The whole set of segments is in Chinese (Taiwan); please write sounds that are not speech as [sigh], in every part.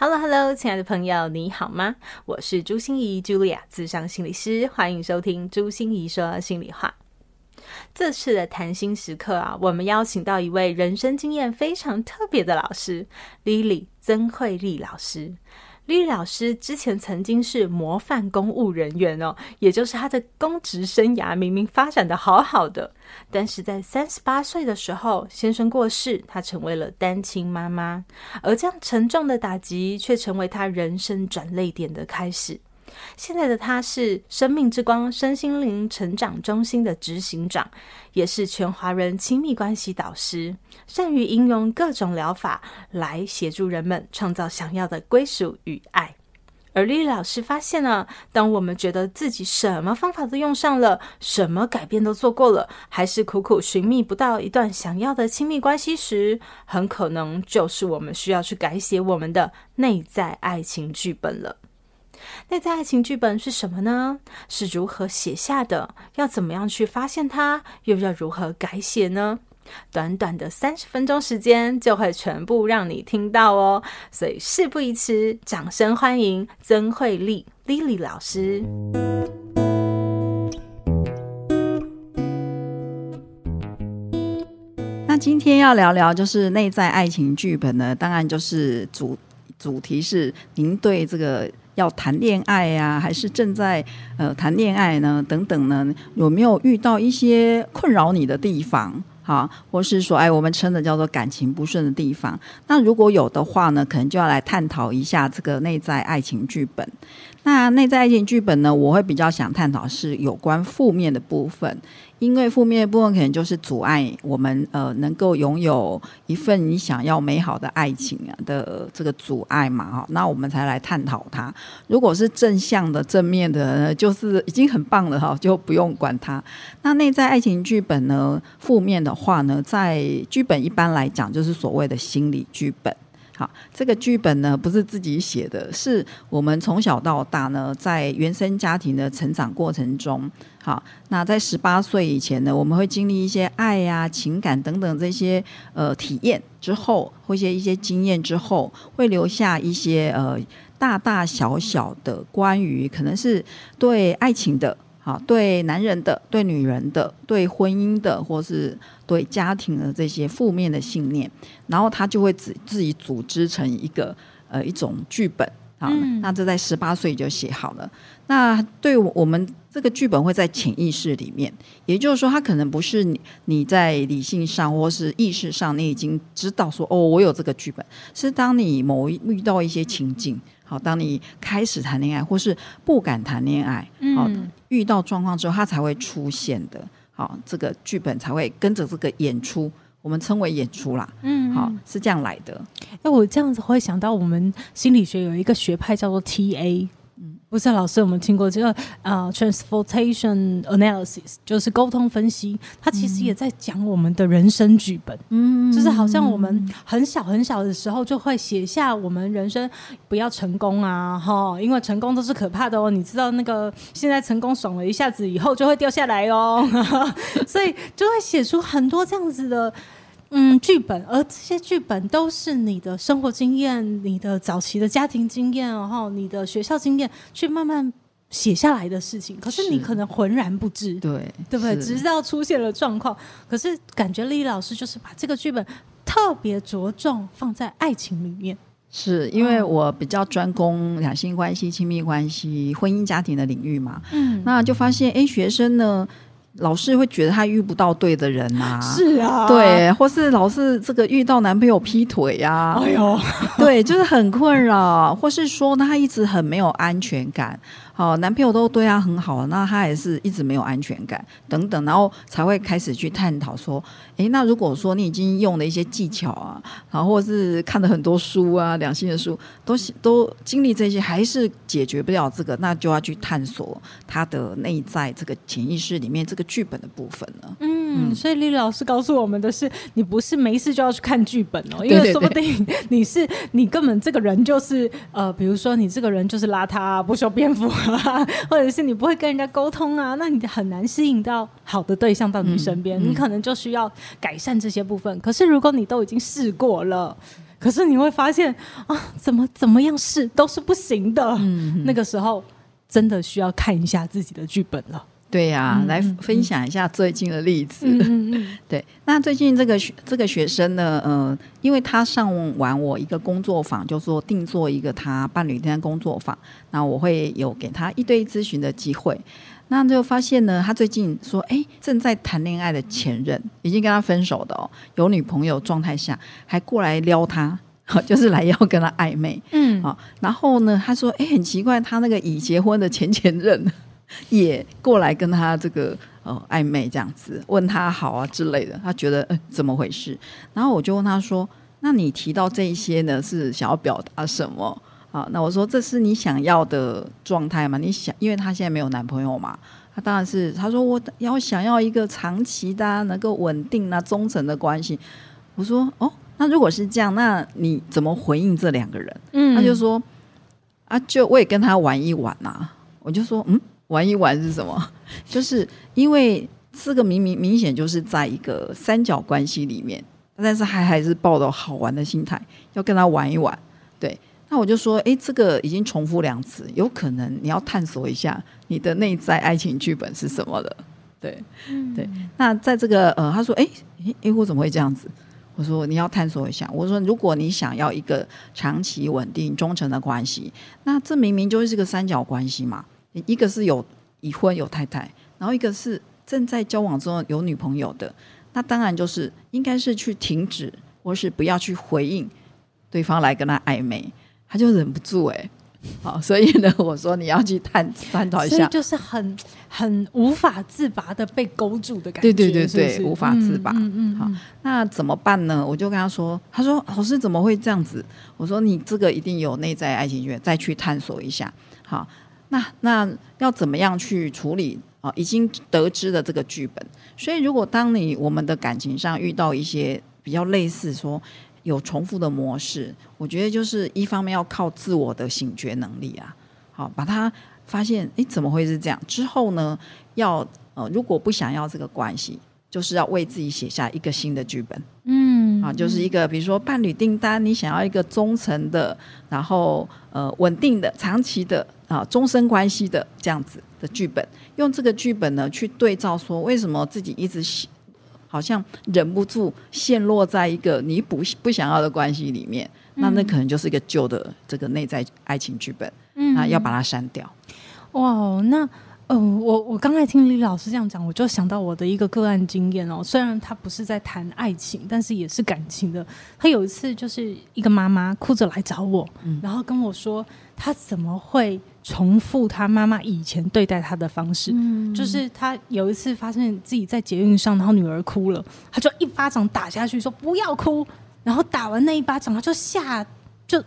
Hello，Hello，hello, 親愛的朋友，你好嗎？我是朱芯儀 Julia，諮商心理師，歡迎收聽朱芯儀說心理話。這次的談芯時刻啊，我們邀請到一位人生經驗非常特別的老師，Lily 曾慧俐老師。Lily 老師之前曾經是模範公務人員哦，也就是他的公職生涯明明發展的好好的，但是在三十八歲的時候，先生過世，他成為了單親媽媽，而這樣沉重的打擊卻成為他人生轉捩點的開始。現在的他是生命之光身心靈成長中心的執行長，也是全華人親密關係導師，善於應用各種療法來協助人們創造想要的歸屬與愛。而 Lily 老師發現呢，當我們覺得自己什麼方法都用上了，什麼改變都做過了，還是苦苦尋覓不到一段想要的親密關係時，很可能就是我們需要去改寫我們的內在愛情劇本了。內在愛情劇本是什麼呢？是如何寫下的？要怎麼樣去發現它？又要如何改寫呢？短短的三十分鐘時間，就會全部讓你聽到哦。所以事不宜遲，掌聲歡迎曾惠麗 l i 老師。那今天要聊聊就是內在愛情劇本呢，當然就是主主題是您對這個。要談戀愛呀，還是正在呃談戀愛呢？等等呢，有沒有遇到一些困擾你的地方？哈、啊，或是說，哎，我們稱的叫做感情不順的地方。那如果有的話呢，可能就要來探討一下這個內在愛情劇本。那內在愛情劇本呢，我會比較想探討是有關負面的部分。因為負面的部分可能就是阻礙我們呃能夠擁有一份你想要美好的愛情的這個阻礙嘛哈，那我們才來探討它。如果是正向的正面的，就是已經很棒了哈，就不用管它。那內在愛情劇本呢，負面的話呢，在劇本一般來講就是所謂的心理劇本。好，這個劇本呢，不是自己寫的，是我們從小到大呢在原生家庭的成長過程中，好，那在十八歲以前呢，我們會經歷一些愛呀、啊、情感等等這些呃體驗之後，或一些一些經驗之後，會留下一些呃大大小小的關於可能是對愛情的。啊，對男人的、對女人的、對婚姻的，或是對家庭的這些負面的信念，然後他就會自自己組織成一個呃一種劇本。好，嗯。那這在十八歲就寫好了。那對我們這個劇本會在潛意識裡面，也就是說，他可能不是你你在理性上或是意識上，你已經知道說哦，我有這個劇本，是當你某一遇到一些情境。嗯好，當你開始談戀愛或是不敢談戀愛，好、嗯、遇到狀況之後，它才會出現的。好，這個劇本才會跟着這個演出，我們稱為演出啦。嗯，好，是這樣來的。哎，我這樣子會想到，我們心理學有一個學派叫做 TA。不是、啊、老師，我們聽過這個啊、呃，transactional analysis 就是溝通分析，它其實也在講我們的人生劇本。嗯，就是好像我們很小很小的時候就會寫下我們人生不要成功啊，哈，因為成功都是可怕的哦。你知道那個現在成功爽了一下子，以後就會掉下來哦， [laughs] [laughs] 所以就會寫出很多這樣子的。嗯，劇本，而這些劇本都是你的生活經驗、你的早期的家庭經驗，然後你的學校經驗，去慢慢寫下來的事情。可是你可能渾然不知，對，對不對？直到出現了狀況，可是感覺 Lily 老師就是把這個劇本特別着重放在愛情裡面。是因為我比較專攻兩性關係、親密關係、婚姻家庭的領域嘛。嗯，那就發現，哎、欸，學生呢？老是會覺得她遇不到對的人吶、啊，是啊，對，或是老是這個遇到男朋友劈腿呀、啊，哎呦，對，就是很困擾， [laughs] 或是說她一直很沒有安全感。好，男朋友都對他很好，那他也是一直沒有安全感等等，然後才會開始去探討說，哎，那如果說你已經用了一些技巧啊，然後或是看了很多書啊，兩性的書，都都經歷這些，還是解決不了這個，那就要去探索他的內在這個潛意識裡面這個劇本的部分了。嗯，嗯，所以 Lily 老師告訴我們的是，你不是沒事就要去看劇本哦，因為說不定你是，對對對，你，是你根本這個人就是呃，比如說你這個人就是邋遢不修邊幅。 [laughs] 或者是你不會跟人家溝通啊，那你很難吸引到好的對象到你身邊、嗯嗯，你可能就需要改善這些部分。可是如果你都已經試過了，可是你會發現啊，怎麼怎麼樣試都是不行的、嗯。那個時候真的需要看一下自己的劇本了。對呀、啊，嗯嗯嗯，來分享一下最近的例子。嗯嗯嗯對，那最近這個學這個學生呢，嗯、呃，因為他上完我一個工作坊，就是、說訂做一個他伴侶的工作坊，那我會有給他一對一諮詢的機會。那就發現呢，他最近說，哎，正在談戀愛的前任已經跟他分手的哦，有女朋友狀態下還過來撩他，就是來要跟他曖昧。嗯，好，然後呢，他說，哎，很奇怪，他那個已結婚的前前任。也過來跟他這個呃曖昧這樣子，問他好啊之類的，他覺得、欸、怎麼回事？然後我就問他說：“那你提到這一些呢，是想要表達什麼？”啊，那我說：“這是你想要的狀態嗎？”你想，因為他現在沒有男朋友嘛，他當然是他說我要想要一個長期的、啊、能夠穩定啊、忠誠的關係。我說：“哦，那如果是這樣，那你怎麼回應這兩個人？”嗯，他就說：“啊，就我也跟他玩一玩吶、啊。”我就說：“嗯。”玩一玩是什麼？就是因為這個明明明顯就是在一個三角關係裡面，但是還還是抱着好玩的心態要跟他玩一玩。對，那我就說，誒、欸，這個已經重複兩次，有可能你要探索一下你的內在愛情劇本是什麼了。對，對。那在這個呃，他說，誒、欸，哎、欸，我怎麼會這樣子？我說你要探索一下。我說，如果你想要一個長期穩定忠誠的關係，那這明明就是個三角關係嘛。一個是有已婚有太太，然後一個是正在交往中有女朋友的，那當然就是應該是去停止，或是不要去回應對方來跟他曖昧，他就忍不住哎、欸，好，所以呢，我說你要去探探討一下，所以就是很很無法自拔的被勾住的感覺，對對對對，對是是，無法自拔。嗯，嗯，嗯，好，那怎麼辦呢？我就跟他說，他說老師怎麼會這樣子？我說你這個一定有內在愛情學，再去探索一下。好。那那要怎麼樣去處理啊、呃？已經得知了這個劇本，所以如果當你我們的感情上遇到一些比較類似說有重複的模式，我覺得就是一方面要靠自我的醒覺能力啊，好、哦、把它發現，誒、欸，怎麼會是這樣？之後呢，要呃，如果不想要這個關係，就是要為自己寫下一個新的劇本，嗯，啊，就是一個比如說伴侶訂單，你想要一個忠誠的，然後呃穩定的長期的。啊，終身關係的這樣子的劇本，用這個劇本呢去對照，說為什麼自己一直陷好像忍不住陷落在一個你不不想要的關係裡面。嗯，那那可能就是一個舊的這個內在愛情劇本。嗯，那要把它刪掉。哇、wow，那。嗯、呃，我我剛才聽 Lily 老師這樣講，我就想到我的一個個案經驗哦、喔。雖然他不是在談愛情，但是也是感情的。他有一次就是一個媽媽哭着來找我、嗯，然後跟我說，他怎麼會重複他媽媽以前對待他的方式？嗯、就是他有一次發現自己在捷運上，然後女兒哭了，他就一巴掌打下去，說不要哭。然後打完那一巴掌，他就嚇，就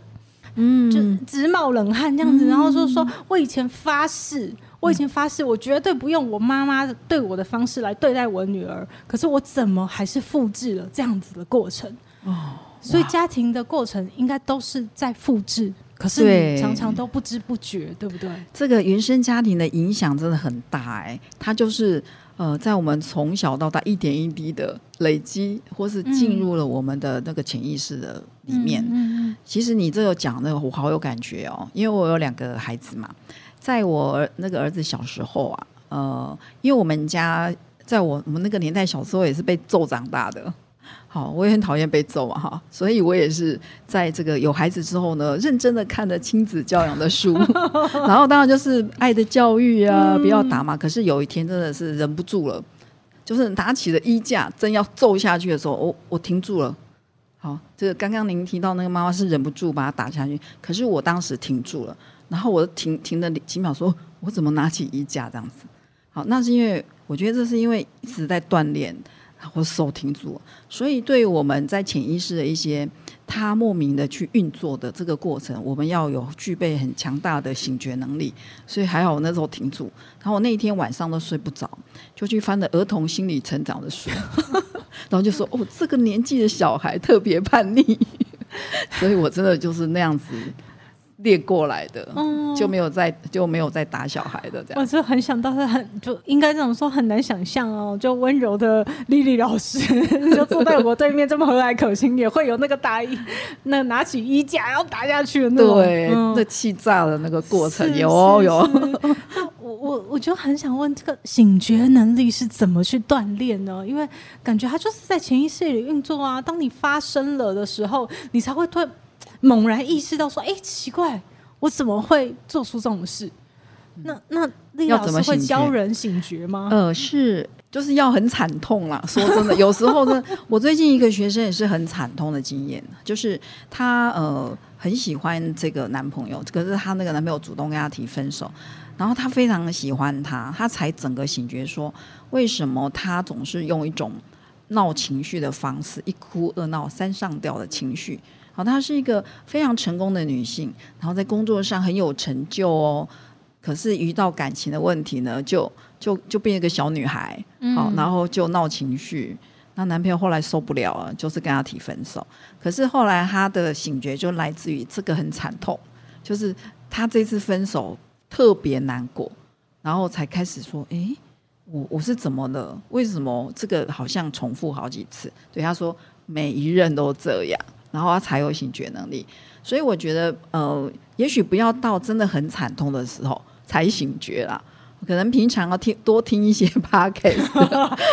嗯，就直冒冷汗這樣子。嗯、然後就說，說，我以前發誓。我已經發誓，我絕對不用我媽媽對我的方式來對待我女兒。可是我怎麼還是複製了這樣子的過程？哦，所以家庭的過程應該都是在複製。可是你常常都不知不覺，對，對不對？這個原生家庭的影響真的很大哎、欸，它就是呃，在我們從小到大一點一滴的累積，或是進入了我們的那個潛意識的裡面。嗯、嗯、嗯。其實你這個講的我好有感覺哦，因為我有兩個孩子嘛。在我兒那個兒子小時候啊，呃，因為我們家在我我們那個年代小時候也是被揍長大的，好，我也很討厭被揍啊哈，所以我也是在這個有孩子之後呢，認真的看了親子教養的書， [laughs] 然後當然就是愛的教育啊，不要打嘛，嗯。可是有一天真的是忍不住了，就是拿起了衣架，正要揍下去的時候，我我停住了。好，這個剛剛您提到那個媽媽是忍不住把他打下去，可是我當時停住了。然後我停停了幾秒，說我怎麼拿起衣架這樣子？好，那是因為我覺得這是因為一直在鍛鍊，我手停住了，所以對於我們在潛意識的一些他莫名的去運作的這個過程，我們要有具備很強大的醒覺能力。所以還好我那時候停住。然後我那一天晚上都睡不着，就去翻了兒童心理成長的書，然後就說哦，這個年紀的小孩特別叛逆，所以我真的就是那樣子。練過來的，嗯、就沒有再就沒有打小孩的這樣。我、哦、就很想到是很就應該這種說很難想象哦，就溫柔的 Lily 老師 [laughs] 就坐在我對面 [laughs] 這麼和藹可親，也會有那個打， [laughs] 那拿起衣架要打下去的那種，那氣、嗯、炸了那個過程有、哦、有。 [laughs] 我我我就很想問這個醒覺能力是怎麼去鍛鍊呢？因為感覺他就是在潛意識裡運作啊。當你發生了的時候，你才會猛然意識到說：“哎、欸，奇怪，我怎麼會做出這種事？”嗯、那那、Lily、要怎麼會教人醒覺嗎？呃，是，就是要很慘痛啦。 [laughs] 說真的，有時候呢，我最近一個學生也是很慘痛的經驗，就是他呃很喜歡這個男朋友，可是他那個男朋友主動跟她提分手，然後他非常的喜歡他，他才整個醒覺說，為什麼他總是用一種鬧情緒的方式，一哭二鬧三上吊的情緒。好，她是一個非常成功的女性，然後在工作上很有成就哦。可是遇到感情的問題呢，就就就變一個小女孩，好、嗯哦，然後就鬧情緒。那男朋友後來受不了了，就是跟她提分手。可是後來她的醒覺就來自於這個很慘痛，就是她這次分手特別難過，然後才開始說：“哎、欸，我我是怎麼了？為什麼這個好像重複好幾次？”對，她說：“每一任都這樣。”然後他才有醒覺能力，所以我覺得呃，也許不要到真的很慘痛的時候才醒覺啦。可能平常要聽多聽一些 podcast，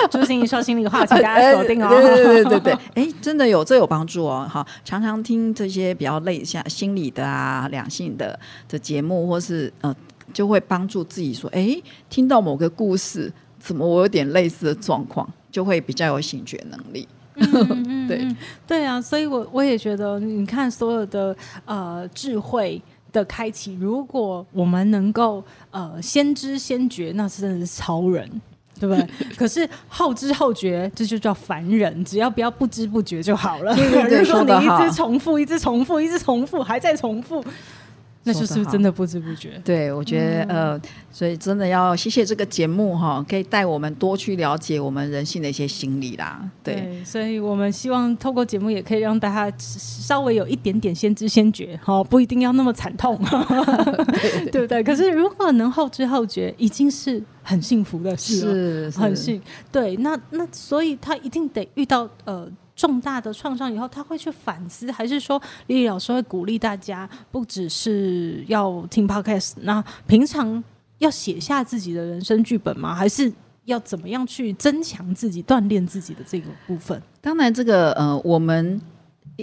朱芯儀說心理話，請大家鎖定哦。欸、對對對哎、欸，真的有這有幫助哦，好，常常聽這些比較類像心理的啊、兩性的的節目，或是呃，就會幫助自己說，哎、欸，聽到某個故事，怎麼我有點類似的狀況，就會比較有醒覺能力。嗯嗯嗯嗯 [laughs] 對對啊，所以我，我我也覺得，你看所有的呃智慧的開啟，如果我們能夠呃先知先覺，那是真的是超人，對不對？ [laughs] 可是後知後覺，這就叫凡人。只要不要不知不覺就好了。對啊，如果你一直重複，一直重複，一直重複，還在重複。那是不是真的不知不覺？對，我覺得、嗯、呃，所以真的要謝謝這個節目哈、哦，可以帶我們多去了解我們人性的一些心理啦。對。對，所以我們希望透過節目也可以讓大家稍微有一點點先知先覺，哈、哦，不一定要那麼慘痛，呵呵 [laughs] 對，對不對？可是如果能後知後覺，已經是很幸福的事。是是，很幸。對，那那所以他一定得遇到呃。重大的創傷以後，他會去反思，還是說 Lily 老師會鼓勵大家，不只是要聽 Podcast，那平常要寫下自己的人生劇本嗎？還是要怎麼樣去增強自己、鍛鍊自己的這個部分？當然，這個呃，我們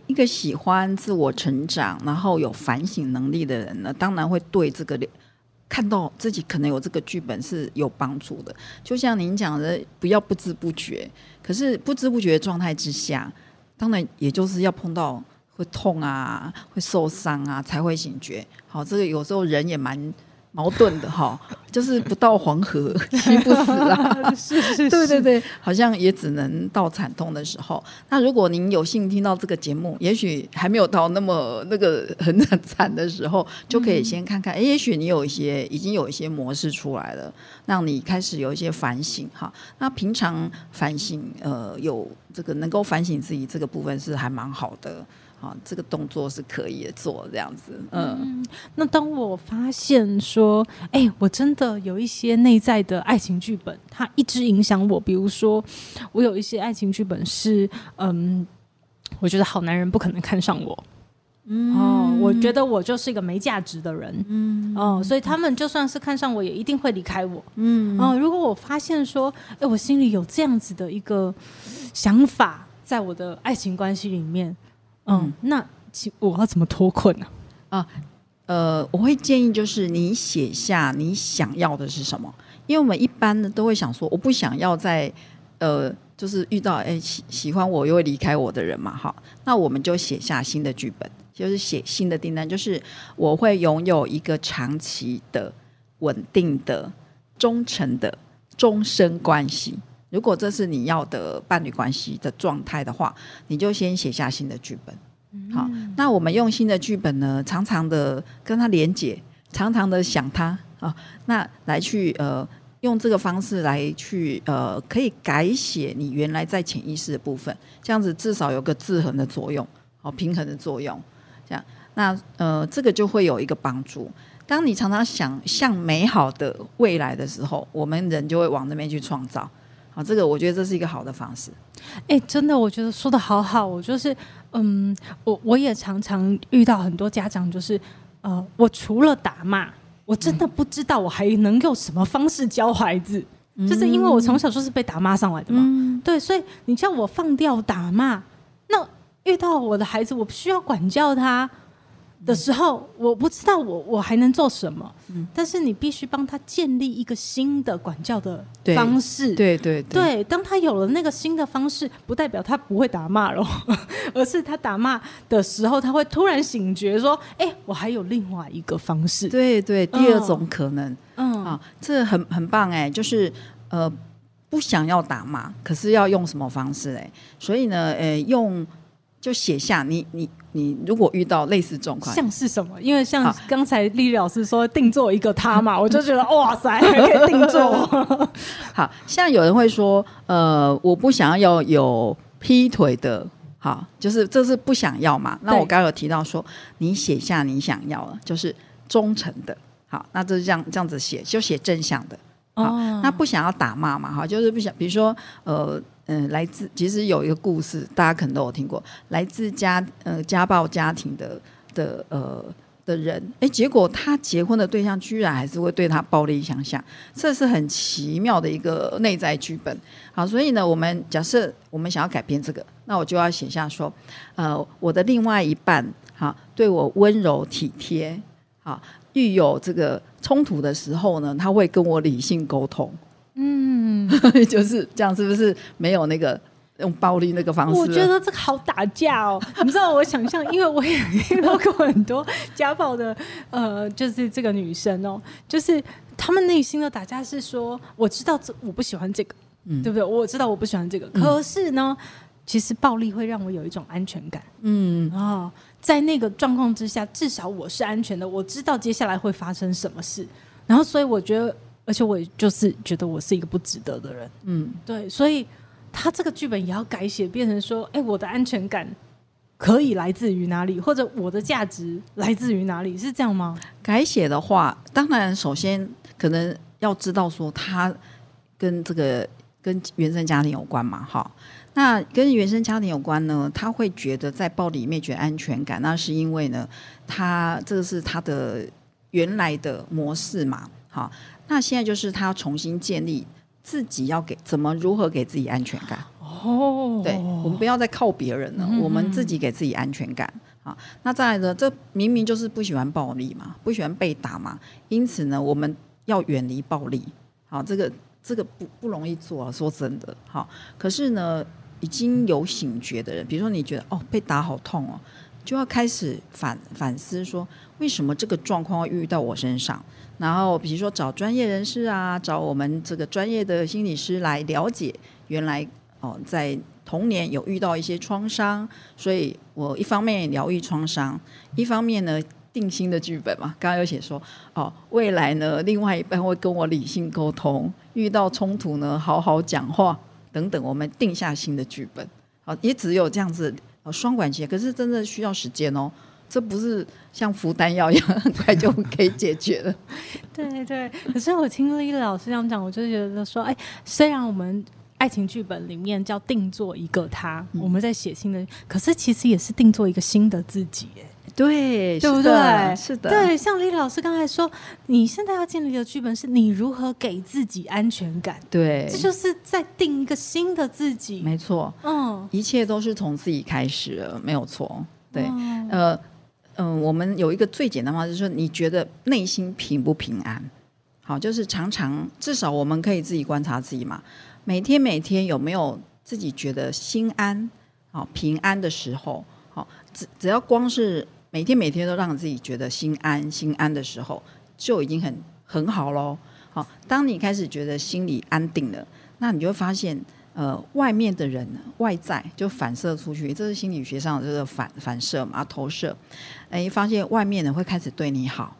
一個喜歡自我成長、然後有反省能力的人呢，當然會對這個。看到自己可能有這個劇本是有幫助的，就像您講的，不要不知不覺。可是不知不覺的狀態之下，當然也就是要碰到會痛啊，會受傷啊，才會醒覺。好，這個有時候人也蠻。矛盾的哈， [laughs] 就是不到黃河心 [laughs] 不死啊！ [laughs] 是是是 [laughs] 對對對，好像也只能到慘痛的時候。那如果您有幸聽到這個節目，也許還沒有到那麼那個很慘的時候，就可以先看看。嗯，欸，也許你有一些已經有一些模式出來了，讓你開始有一些反省哈。那平常反省，呃，有這個能夠反省自己這個部分是還蠻好的。啊、這個動作是可以的，做這樣子，嗯，嗯。那當我發現說，哎、欸，我真的有一些內在的愛情劇本，它一直影響我。比如說，我有一些愛情劇本是，嗯，我覺得好男人不可能看上我，嗯。哦，我覺得我就是一個沒價值的人，嗯。哦，所以他們就算是看上我，也一定會離開我，嗯。哦，如果我發現說，哎、欸，我心裡有這樣子的一個想法，在我的愛情關係裡面。嗯，那我要、嗯、怎麼脫困呢？啊？啊、嗯，呃，我會建議就是你寫下你想要的是什麼，因為我們一般都會想說，我不想要再呃，就是遇到哎、欸、喜喜歡我又會離開我的人嘛，哈，那我們就寫下新的劇本，就是寫新的訂單，就是我會擁有一個長期的、穩定的、忠誠的終身關係。如果這是你要的伴侶關係的狀態的話，你就先寫下新的劇本。嗯嗯好，那我們用新的劇本呢，常常的跟他連接，常常的想他啊，那來去呃，用這個方式來去呃，可以改寫你原來在潛意識的部分，這樣子至少有個制衡的作用，好，平衡的作用，這樣那呃，這個就會有一個幫助。當你常常想像美好的未來的時候，我們人就會往那邊去創造。啊、哦，這個我覺得這是一個好的方式。哎、欸，真的，我覺得說的好好。我就是，嗯，我我也常常遇到很多家長，就是，呃，我除了打罵，我真的不知道我還能用什麼方式教孩子。嗯、就是因為我從小就是被打罵上來的嘛、嗯，對，所以你叫我放掉打罵，那遇到我的孩子，我不需要管教他的時候，我不知道我我還能做什麼。嗯，但是你必須幫他建立一個新的管教的方式。對對對，對，對，當他有了那個新的方式，不代表他不會打罵了，而是他打罵的時候，他會突然醒覺，說：“哎，我還有另外一個方式。”對對，第二種可能，嗯，嗯啊，這很很棒哎，就是呃，不想要打罵，可是要用什麼方式哎？所以呢，哎，用。就寫下你你你，你你如果遇到類似狀況，像是什麼？因為像剛才 Lily 老師說定做一個他嘛，我就覺得 [laughs] 哇塞，還可以定做。 [laughs] 好，像有人會說，呃，我不想要有劈腿的，好，就是這是不想要嘛？那我剛剛有提到說，你寫下你想要的，就是忠誠的。好，那就是這樣這樣子寫，就寫正向的。哦，那不想要打罵嘛？哈，就是不想，比如說，呃。嗯，來自其實有一個故事，大家可能都有聽過，來自家呃家暴家庭的的呃的人，哎，結果他結婚的對象居然還是會對他暴力相向，這是很奇妙的一個內在劇本。好，所以呢，我們假設我們想要改變這個，那我就要寫下說，呃，我的另外一半，好，對我溫柔體貼，好，遇有這個衝突的時候呢，他會跟我理性溝通。嗯， [laughs] 就是這樣，是不是沒有那個用暴力那個方式？我覺得這個好打架哦。 [laughs] 你知道我想象，因為我也遇 [laughs] 到過很多家暴的，呃，就是這個女生哦，就是他們內心的打架是說，我知道這我不喜歡這個、嗯，對不對？我知道我不喜歡這個，可是呢，嗯、其實暴力會讓我有一種安全感。嗯啊，在那個狀況之下，至少我是安全的，我知道接下來會發生什麼事。然後，所以我覺得。而且我就是覺得我是一個不值得的人，嗯，對，所以他這個劇本也要改寫，變成說，哎、欸，我的安全感可以來自於哪裡，或者我的價值來自於哪裡，是這樣嗎？改寫的話，當然首先可能要知道說，他跟這個跟原生家庭有關嘛，哈，那跟原生家庭有關呢，他會覺得在暴力裡沒安全感，那是因為呢，他這個是他的原來的模式嘛，哈。那現在就是他要重新建立自己要給怎麼如何給自己安全感哦，oh. 對，我們不要再靠別人了，mm -hmm. 我們自己給自己安全感啊。好，那再來呢？這明明就是不喜歡暴力嘛，不喜歡被打嘛，因此呢，我們要遠離暴力。好，這個這個不不容易做啊，說真的。好，可是呢，已經有醒覺的人，比如說你覺得哦被打好痛哦。就要開始反反思，說為什麼這個狀況會遇到我身上？然後比如說找專業人士啊，找我們這個專業的心理師來了解，原來哦，在童年有遇到一些創傷，所以我一方面療癒創傷，一方面呢定新的劇本嘛。剛剛有寫說，哦，未來呢，另外一半會跟我理性溝通，遇到衝突呢好好講話等等，我們定下新的劇本。好，哦，也只有這樣子。哦、雙管齊下可是真的需要時間哦，這不是像服丹藥一樣很快就可以解決了。 [laughs] 對對，可是我聽了 Lily 老師這樣講，我就覺得說，哎，雖然我們愛情劇本裡面叫定做一個他，嗯，我們在寫新的，可是其實也是定做一個新的自己耶對是的，對不對？是的。對，像 Lily 老師剛才說，你現在要建立的劇本是你如何給自己安全感。對，這就是在定一個新的自己。沒錯，嗯，一切都是從自己開始，沒有錯。對，嗯、呃，嗯、呃，我們有一個最簡單方式，就是說你覺得內心平不平安？好，就是常常至少我們可以自己觀察自己嘛。每天每天有沒有自己覺得心安、好平安的時候？好，只只要光是。每天每天都讓自己覺得心安心安的時候，就已經很很好嘍。好，當你開始覺得心裡安定了，那你就會發現，呃，外面的人呢，外在就反射出去，這是心理學上的這個反反射嘛，投射。哎，發現外面的會開始對你好，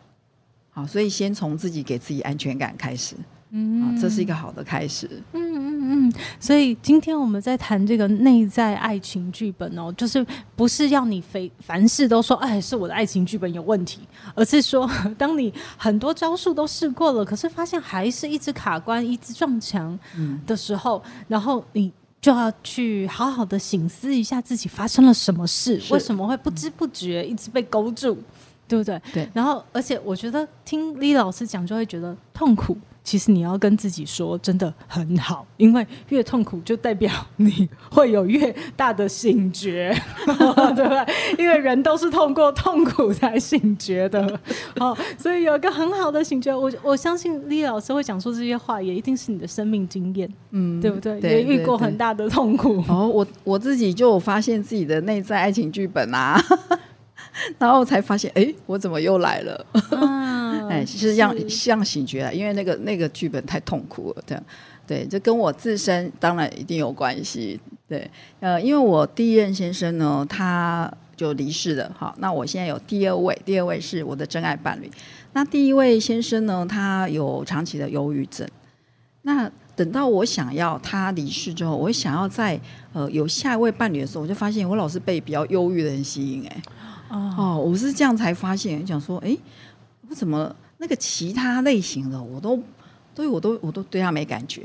好，所以先從自己給自己安全感開始，嗯，這是一個好的開始，嗯。嗯嗯，所以今天我們在談這個內在愛情劇本哦，就是不是要你非凡事都說哎，是我的愛情劇本有問題，而是說當你很多招數都試過了，可是發現還是一直卡關、一直撞牆的時候，嗯、然後你就要去好好的省思一下自己發生了什麼事，為什麼會不知不覺一直被勾住，嗯、對不對？對。然後，而且我覺得聽 Lily 老師講就會覺得痛苦。其實你要跟自己說，真的很好，因為越痛苦就代表你會有越大的醒覺， [laughs] 哦、對不對？因為人都是通過痛苦才醒覺的， [laughs] 哦，所以有一個很好的醒覺。我我相信 Lily 老師會講出這些話，也一定是你的生命經驗，嗯，對不對？對，也遇過很大的痛苦。對對對哦，我我自己就發現自己的內在愛情劇本啊，然後才發現，哎，我怎麼又來了？啊哎，其實像是像醒覺了，因為那個那個劇本太痛苦了，對，對，這跟我自身當然一定有關係，對，呃，因為我第一任先生呢，他就離世了，哈，那我現在有第二位，第二位是我的真愛伴侶，那第一位先生呢，他有長期的憂鬱症，那等到我想要他離世之後，我想要再呃有下一位伴侶的時候，我就發現我老是被比較憂鬱的人吸引，哎，哦，我是這樣才發現，想說，哎。我怎麼那個其他類型的我都對我都我都對他沒感覺，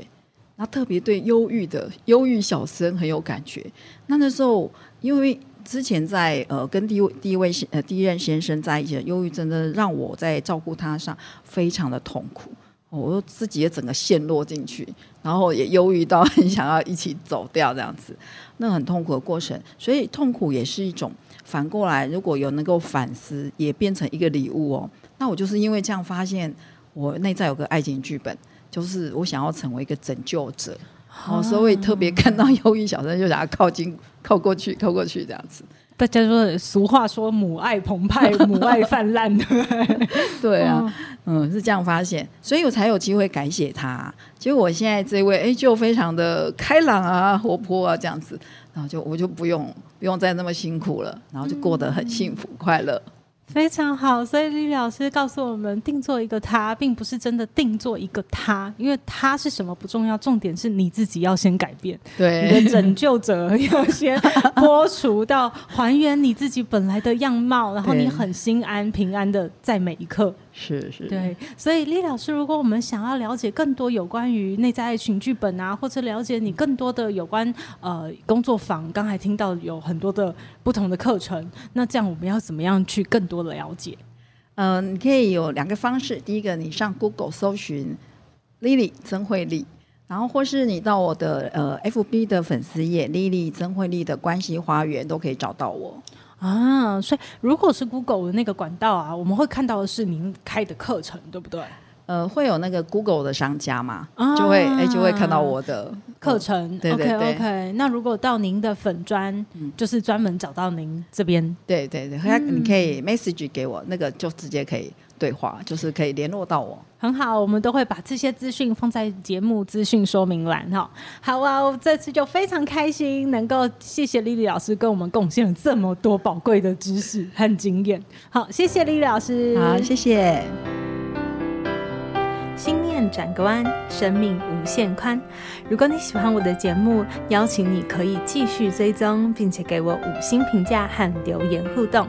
那特別對憂鬱的憂鬱小生很有感覺。那那時候因為之前在呃跟第一位第一位呃第一任先生在一起，憂鬱真的讓我在照顧他上非常的痛苦，我我自己也整個陷落進去，然後也憂鬱到很想要一起走掉這樣子，那很痛苦的過程。所以痛苦也是一種反過來，如果有能夠反思，也變成一個禮物哦。那我就是因為這樣發現，我內在有個愛情劇本，就是我想要成為一個拯救者，啊哦、所以特別看到憂鬱小生就想要靠近、靠過去、靠過去這樣子。大家說，俗話說母愛澎湃， [laughs] 母愛氾濫，對不對？ [laughs] 對啊、哦，嗯，是這樣發現，所以我才有機會改寫他。結果我現在這位哎，就非常的開朗啊、活潑啊這樣子，然後就我就不用不用再那麼辛苦了，然後就過得很幸福、嗯、快樂。非常好，所以 Lily 老師告訴我們，定做一個他，並不是真的定做一個他，因為他是什麼不重要，重點是你自己要先改變，對，你的拯救者要先剝除到還原你自己本來的樣貌， [laughs] 然後你很心安、平安的在每一刻。是是，對，所以李老師，如果我們想要了解更多有關於內在愛情劇本啊，或者了解你更多的有關呃工作坊，剛才聽到有很多的不同的課程，那這樣我們要怎麼樣去更多的了解？嗯、呃，你可以有兩個方式，第一個你上 Google 搜尋 Lily 曾慧俐，然後或是你到我的呃 FB 的粉絲頁「Lily 曾慧俐」的關係花園都可以找到我。啊，所以如果是 Google 的那個管道，啊，我們會看到的是您開的課程，對不對？呃，會有那個 Google 的商家嘛，啊、就會誒，就會看到我的課程、嗯。對對對 okay, okay，那如果到您的粉專、嗯，就是專門找到您這邊，對對對、嗯，你可以 message 給我，那個就直接可以。對話就是可以聯絡到我，很好，我們都會把這些資訊放在節目資訊說明欄哈。好啊，我這次就非常開心，能夠謝謝 Lily 老師跟我們貢獻了這麼多寶貴的知識和經驗。好，謝謝 Lily 老師，好，謝謝。心念轉個彎，生命無限寬。如果你喜歡我的節目，邀請你可以繼續追蹤，並且給我五星評價和留言互動。